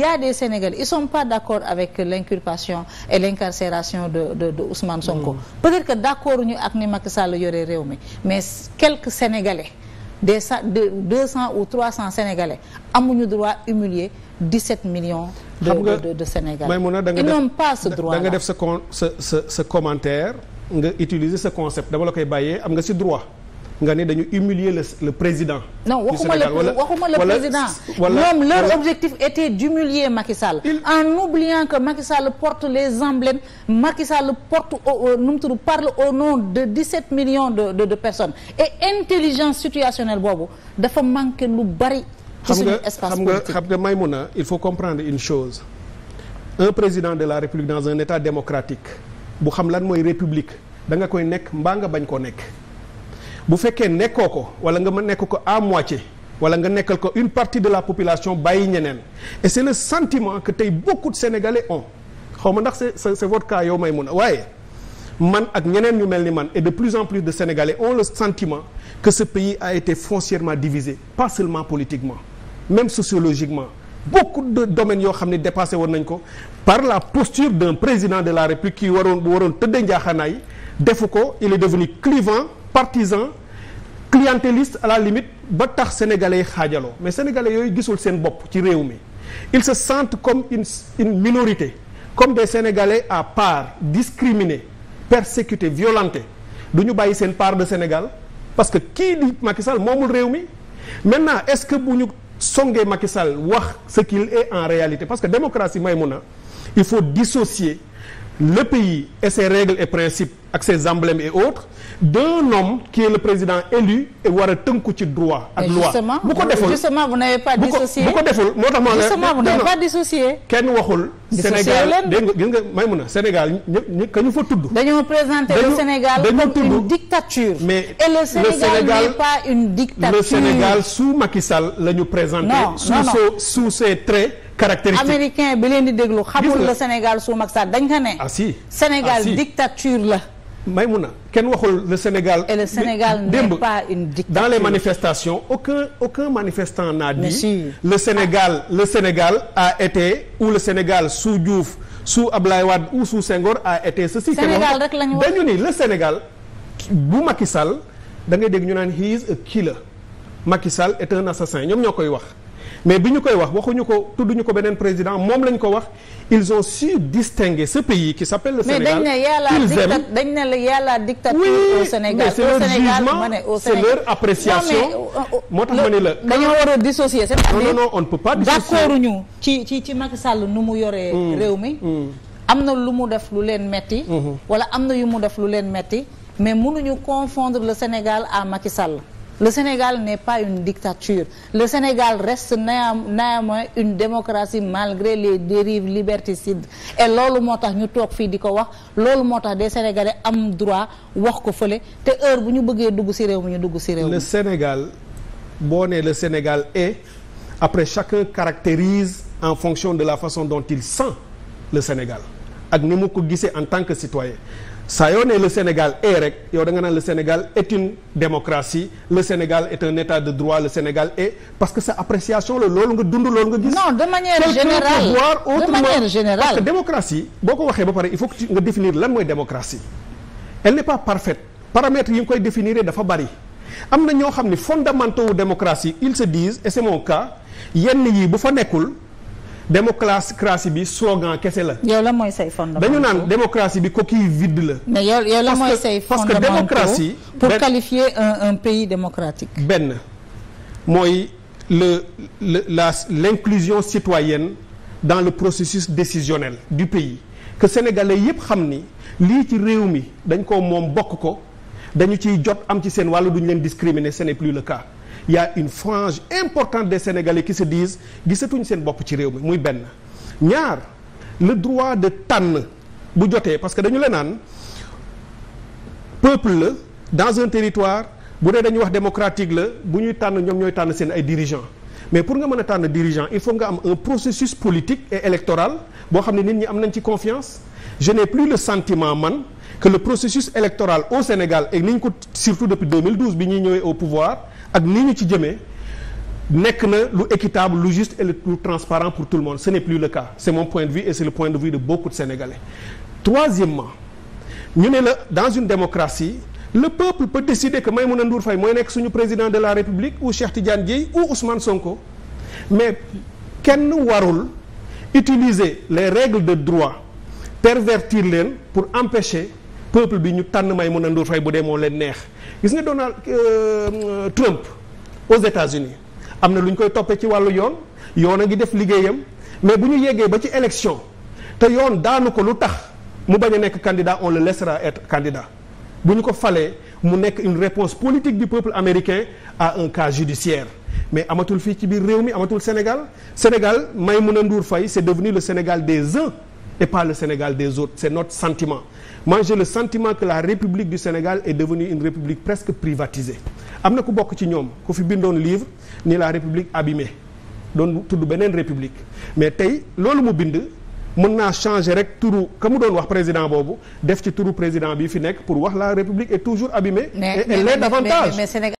y a des Sénégalais ils sont pas d'accord avec l'inculpation et l'incarcération de de de Ousmane Sonko. Mm. peut-être que d'accord ñu ak ni Macky Sall yore réew mi mais quelque Sénégalais des sa de deux cent ou trois cent Sénégalais amuñu droit humilier dix-sept millions. de de de, de Sénégalais. ils n'ont pas ce droit da nga def sa con sa sa sa commentaire nga utiliser ce concept dama la koy bàyyee am nga ci droit. nga ne dañu humilier le le président. non waxuma le waxuma le président ñoom leur objectif était d'humilier Macky Sall. en oubliant que Macky Sall porte les emblèmes Macky Sall porte au nu mu parle au nom de 17 millions de de de personnes et intelligence situationnelle boobu dafa manqué lu bari. ci suñu espace politique xam nga xam nga Maïmouna il faut comprendre une chose un président de la République dans un état démocratique bu xam lan mooy république danga koy nekk mbaa nga bañ koo nekk. bu fekkee nekkoo ko wala nga ma nekk ko à moitié wala nga nekkal ko une partie de la population bàyyi ñeneen et c'est le sentiment que tey beaucoup de sénégalais ont xaw ma ndax c'est c'est cas yow may mun a waaye man ak ñeneen ñu mel ni man et de plus en plus de sénégalais ont le sentiment que ce pays a été foncièrement divisé pas seulement politiquement même sociologiquement beaucoup de domaines yoo xam ne dépassé woon nañ ko par la posture d'un président de la république qui waroon bu waroon tëddee njaaxaanaay defu ko il est devenu clivant partisan clientéliste à la limite ba tax sénégalais yi xaajaloo mais sénégalais yooyu gisul seen bopp ci réew mi il se sentent comme une une minorité comme de sénégalais à part discriminés persécutés violentés du ñu bàyyi seen part de Sénégal parce que kii di Macky moomul réew mi maintenant est-ce que bu ñu songee Macky Sall wax ce qu'il est en réalité parce que démocratie may mun na il faut dissocier le pays et ses règles et principes ak ses emblèmes et autres d'un homme qui le président élu et war a tënku ci droit ak loi bu ko deful justement vous n'avez pas dissocié bu ko deful moo tax ma justement n'avez pas dissocié kenn waxul Sénégal dégg nga gis nga may mun a Sénégal ñu ka ñu fa tudd dañoo présenter le Sénégal comme une dictature mais et le Sénégal n'est pas une dictature le Sénégal sous Macky la ñu présenter sous sous ses traits caractéristique américain bi leen di déglu xamul la Sénégal su mag dañ ko ne ah si Sénégal ah, dictature la Maïmouna kenn waxul le Sénégal et dans les manifestations aucun manifestant n'a dit si. le Sénégal le Sénégal a été ou le Sénégal sous Diouf sous Abdoulaye Wade ou sous Senghor a été ceci Sénégal rek lañu wax dañu ni le Sénégal bu Macky Sall da ngay dégg ñu naan he is a killer Macky Sall est un assassin ñoom ñoo koy wax mais bi ñu koy wax waxuñu ko tudduñu ko beneen président moom lañ ko wax ils ont su distinguer ce pays qui s'appelle le Sénégal. mais dañ ne yàlla dictature au Sénégal mais c'est leur jugement c'est leur appréciation. Euh, euh, moo tax ma ne la dañoo war a dissocier. non non on ne peut pas dissocier ñu ci ci ci Macky Sall nu mu yoree. Mm. réew mi mm. am na lu mu def lu leen metti mm-hmm. wala am na yu mu def lu leen metti mais mënuñu confondre le Sénégal à Macky Sall. Le Sénégal n'est pas une dictature. Le Sénégal reste néanmoins une démocratie malgré les dérives liberticides. Et loolu moo tax ñu toog fii di ko wax loolu moo tax des Sénégalais am droit wax ko fële te heure bu ñu bëggee dugg ci réew mi ñu dugg ci réew mi. Le Sénégal boo nee le Sénégal est après chacun caractérise en fonction de la façon dont il sent le Sénégal ak ni mu ko gisee en tant que citoyen. saa yow ne le Sénégal est rek yow da nga naan le Sénégal est une démocratie le Sénégal est un état de droit le Sénégal est parce que sa appréciation la loolu nga dund loolu nga gis. non de manière générale voir parce que démocratie boo ko waxee ba pare il faut que nga définir lan mooy démocratie elle n'est pas parfaite paramètres yi nga koy définir dafa bari am na ñoo xam ne fondamentaux wu démocratie ils se disent et c'est mon cas yenn yi bu fa nekkul. démocratie bi slogan kese la. yow la mooy say fondement dañu naan démocratie bi ko vide la. mais yow yow la mooy say fondement parce que démocratie. pour qualifier un pays démocratique. benn mooy le le la l'inclusion citoyenne dans le processus décisionnel du pays que sénégale yépp xam ni lii ci réew mi dañ ko moom bokk ko dañu ciy jot am ci seen wàllu duñu leen discriminer ce n'est plus le cas. y a une frange importante de Sénégalais qui se disent gisatuñ seen bopp ci réew mi muy benn ñaar le droit de tànn bu jotee parce que dañu la naan peuple la dans un territoire bu dee dañuy wax démocratique la bu ñuy tànn ñoom ñooy tànn seen ay dirigeants mais pour nga mën a tànn dirigeant il faut nga am un processus politique et électoral boo xam ne nit ñi am nañ ci confiance je n'ai plus le sentiment man que le processus électoral au Sénégal et ni ñu ko surtout depuis 2012 bi ñuy ñëwee au pouvoir ak ni ñu ci jëmee nekk na lu équitable lu juste et lu transparent pour tout le monde ce n'est plus le cas c'est mon point de vue et c'est le point de vue de beaucoup de Sénégalais troisièmement ñu ne la dans une démocratie le peuple peut décider mën a Ndour Faye mooy nekk suñu président de la République ou Cheikh Tidiane Dièye ou Ousmane Sonko mais kenn warul utiliser les règles de droit pervertir leen pour empêcher peuple bi ñu tànn Maïmouna Ndour Faye bu dee moo leen neex gis nga Donald euh, Trump aux États-Unis am na lu ñu koy toppee ci wàllu yoon yoon a ngi def liggéeyam mais bu ñu yeggee ba ci élection te yoon daanu ko lu tax mu bañ a nekk candidat on le laissera être candidat bu ñu ko falee mu nekk une réponse politique du peuple américain à un cas judiciaire mais amatul fii ci biir réew mi amatul Sénégal Sénégal mun Maïmouna Ndour Faye c'est devenu le Sénégal des uns et pas le Sénégal des autres c'est not sentiment moi j'ai le sentiment que la République du Sénégal est devenue une république presque privatisée am na ku bokk ci ñoom ku fi bindoon livre ni la République abîmée doon tudd beneen république mais tey loolu mu bind mën naa changer rek turu ka mu doon wax président boobu def ci turu président bi fi nekk pour wax la République est toujours abîmée mais, et elle l'est